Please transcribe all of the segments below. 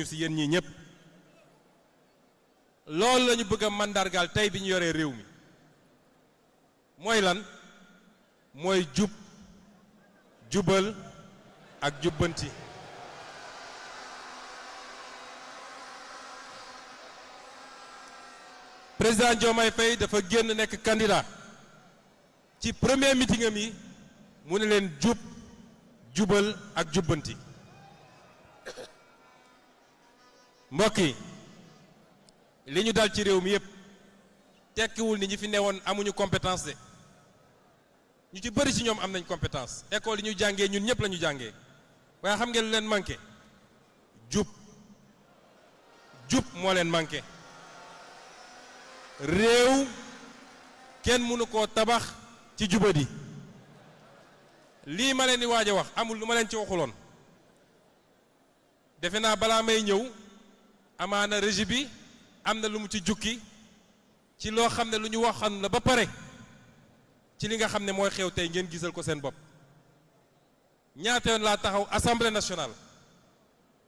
ñu ci yeen ñi ñep lool lañu bëgg mandargal tay bi réew mi moy lan moy jub jubal ak jubanti président Diomaye fay dafa genn nek candidat ci premier meeting am yi mu ne ag jub jubal ak jubanti mbokk yi li ñu dal ci réew mi yëpp tekkiwul ni ñi fi newoon amuñu compétence de ñu ci bëri ci ñoom am nañ compétence école yi ñu jàngee ñun ñëpp la ñu jàngee waaye xam ngeen lu leen manqué jub jub moo leen manqué réew kenn mënu koo tabax ci jubadi lii ma leen di waaj a wax amul lu ma leen ci waxuloon defe naa balaa may ñëw amaana régie bi am na lu mu ci jukki ci loo xam ne lu ñu xam na ba pare ci li nga xam ne mooy xew tey ngeen gisal ko seen bopp ñaata yoon laa taxaw assemblée nationale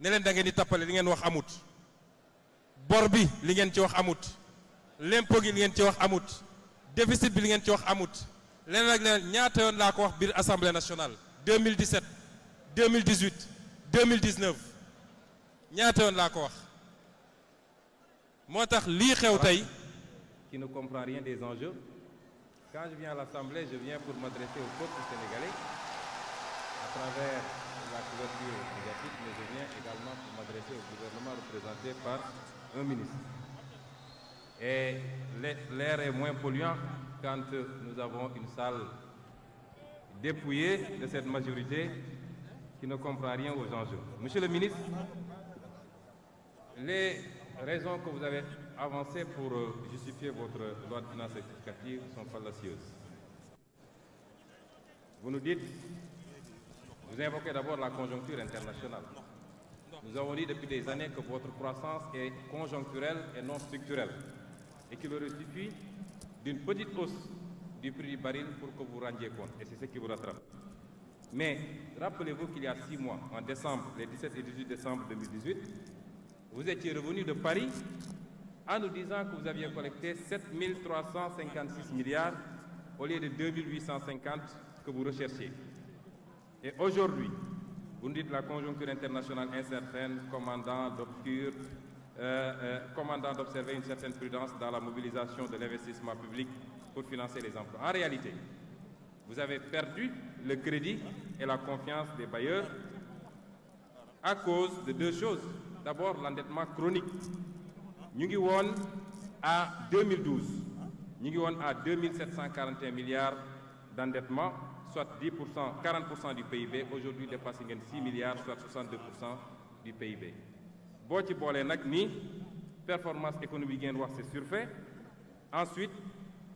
ne leen da ngeen di tappale li ngeen wax amut bor bi li ngeen ci wax amut lempo gi li ngeen ci wax amut déficit bi li ngeen ci wax amut leneen ak leneen ñaata yoon laa ko wax biir assemblée nationale 2017 2018 2019 ñaata yoon laa ko wax qui ne comprend rien des enjeux. Quand je viens à l'Assemblée, je viens pour m'adresser au peuple sénégalais à travers la couverture médiatique, mais je viens également pour m'adresser au gouvernement représenté par un ministre. Et l'air est moins polluant quand nous avons une salle dépouillée de cette majorité qui ne comprend rien aux enjeux. Monsieur le ministre, les raisons que vous avez avancées pour euh, justifier votre loi de finances rectificative sont fallacieuses. Vous nous dites, vous invoquez d'abord la conjoncture internationale. Nous avons dit depuis des années que votre croissance est conjoncturelle et non structurelle et qu'il aurait suffi d'une petite hausse du prix du baril pour que vous rendiez compte. Et c'est ce qui vous rattrape. Mais rappelez-vous qu'il y a six mois, en décembre, les 17 et 18 décembre 2018, vous étiez revenu de Paris en nous disant que vous aviez collecté 7 356 milliards au lieu de 2 850 que vous recherchiez. Et aujourd'hui, vous nous dites la conjoncture internationale incertaine, euh, euh, commandant d'observer une certaine prudence dans la mobilisation de l'investissement public pour financer les emplois. En réalité, vous avez perdu le crédit et la confiance des bailleurs à cause de deux choses d'abord l'endettement chronique Nous avons à 2012 Nous avons à 2741 milliards d'endettement soit 10 40 du PIB aujourd'hui dépassant 6 milliards soit 62 du PIB Si ci boolee performance économique c'est surfait ensuite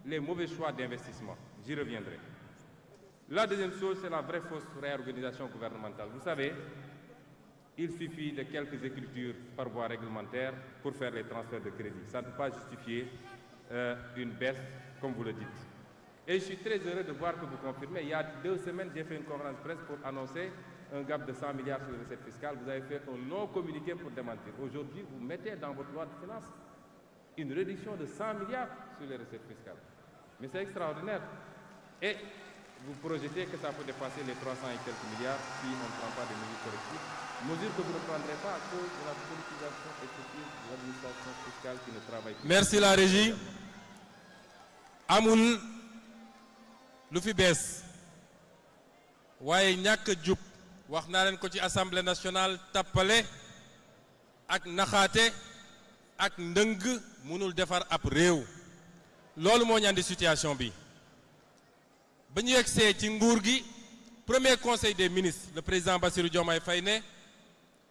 les mauvais choix d'investissement j'y reviendrai la deuxième chose c'est la vraie fausse réorganisation gouvernementale vous savez il suffit de quelques écritures par voie réglementaire pour faire les transferts de crédit. Ça ne peut pas justifier euh, une baisse, comme vous le dites. Et je suis très heureux de voir que vous confirmez. Il y a deux semaines, j'ai fait une conférence presse pour annoncer un gap de 100 milliards sur les recettes fiscales. Vous avez fait un long communiqué pour démentir. Aujourd'hui, vous mettez dans votre loi de finances une réduction de 100 milliards sur les recettes fiscales. Mais c'est extraordinaire. Et vous projetez que ça peut dépasser les 300 et quelques milliards si on ne prend pas des mesures correctives Mesure que vous ne prendrez pas à cause de la politisation effective de l'administration fiscale qui ne travaille pas. Merci la régie. Amoul lu fi bees waaye ñàkk jub wax ko ci assemblée nationale Tapale, ak naxaate ak Ndeng, mënul defar Ap, réew loolu moo ñu situation bi ba ñu yegsee ci nguur gi premier conseil des ministres le président Bassirou Diomaye Faye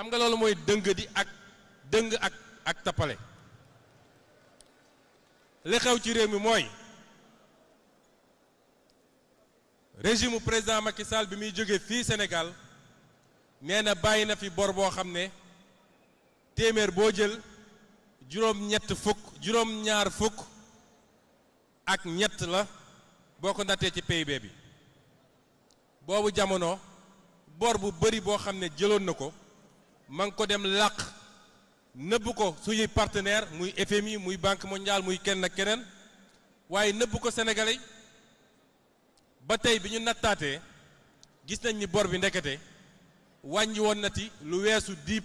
xam nga loolu mooy dëng di ak dëng ak ak tappale li xew ci réew mi mooy régime président Macky Sall bi muy jóge fii senegal nee na bàyyi na fi bor boo xam ne téeméer boo jël juróom-ñett fukk juróom-ñaar fukk ak ñett la boo ko nattee ci PIB bi boobu jamono bor bu bari boo xam ne jëloon na ko ma ko dem làq nëbb ko partenaire muy FMI muy banque mondiale muy kenn ak keneen waaye ko sénégalais ba tey gis nañ ni bor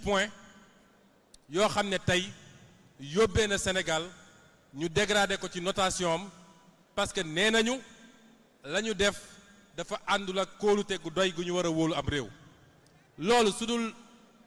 points ne yobé na Sénégal ñu dégrader ko notation parce que nénañu lañu la def dafa andul ak gu doy gu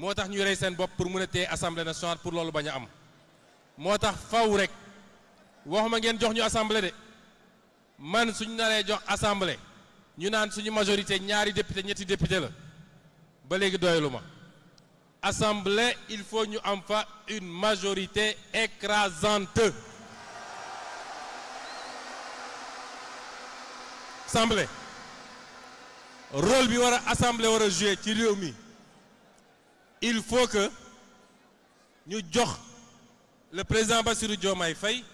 motax ñu pour assemblée nationale pour am faw rek waxuma ngeen assemblée de man suñu jox assemblée ñu naan suñu majorité ñaari député ñetti député la ba assemblée il faut ñu am une majorité écrasante assemblée rôle bi assemblée wara jouer ci il faut que nous jox le président Bassirou Diomaye Faye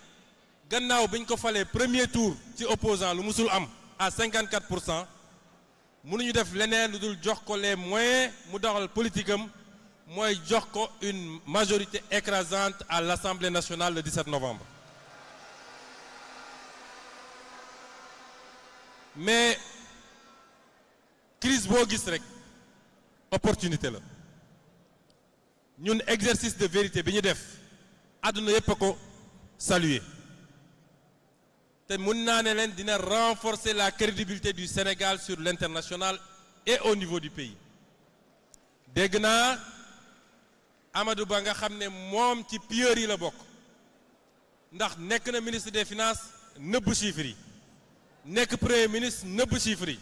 gannaaw biñ ko falé premier tour ci opposant lu musul am à 54 pour cent mënuñu def lénen nous jox ko les moyens mu jox une majorité écrasante à l'Assemblée nationale le 17 novembre mais crise est gis opportunité là ñun exercice de vérité bi ñu def aduna yépp ko saluer té mun dina renforcer la crédibilité du Sénégal sur l'international et au niveau du pays dégna Amadou Ba nga xamné un ci pire yi la bok ndax nek na ministre des finances neub chiffres yi premier ministre neub chiffres yi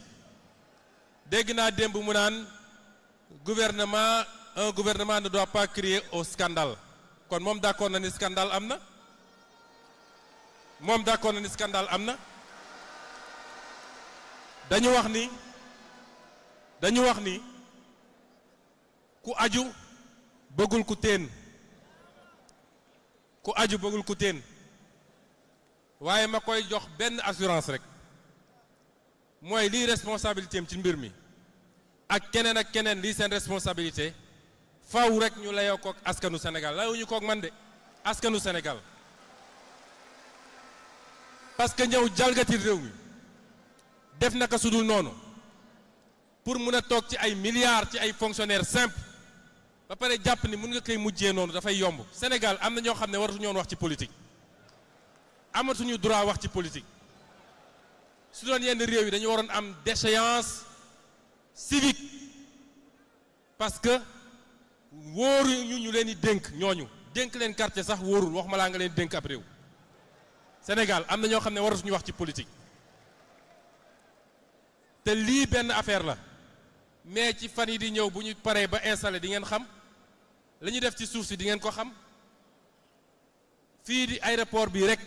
dégg démb mu nan gouvernement un gouvernement ne doit pas crier au scandale kon moom d'accord na ni scandale amna? na d'accord na ni scandale amna? dañu wax ni dañu wax ni ku aju bëggul ku teen ku aju bëggul ku teen Waye ma koy jox ben assurance rek Moy li responsabilité ci mbir mi ak kenen ak keneen lii seen responsabilité faaw rek ñu layoo kook askanu Sénégal ko ak man de askanu Sénégal parce que ñew jalgati réew mi def naka sudul noonu pour mun tok ci ay milliards ci ay fonctionnaires simple ba pare japp ni mën nga kay mujjé mujjee da fay yomb Sénégal amna ño ñoo waru ne wax ci politique amatuñu droit wax ci politique su doon yenn réew yi dañu waroon am déchéance civique parce que wóoruñu ñu leen di dénk ñooñu dénk leen quartier sax wóorul wax ma laa nga leen dénk ab réew Sénégal am na ñoo xam ne waratuñu wax ci politique te lii benn affaire la mais ci fan yi di ñëw bu ñu paree ba installé di ngeen xam la def ci suuf si di ngeen ko xam fii di aéroport bii rek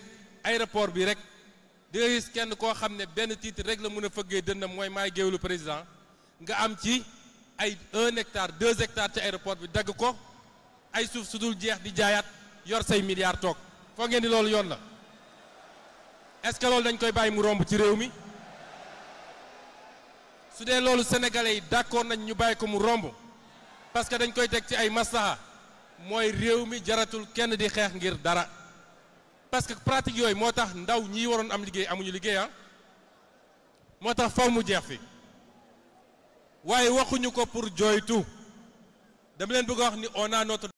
aéroport bii rek di kenn koo xam ne benn tiit rek la mën a fëggee dënnam mooy maay géewlu président nga am ci un hectare deux hectares ci l'aéroport bi dagg ay suuf su jeex di jaayaat yor say milliards toog foo di est-ce que loolu dañ koy bàyyi mu romb ci sénégalais d'accord nañ ñu ko parce que dañ koy teg ci ay jaratul kenn di xex ngir dara parce que pratique yoy motax ndaw ñi waron am liguey amuñu liguey ah. waaye waxuñu ko pour jooytu dama leen bëgg a wax ni on a notre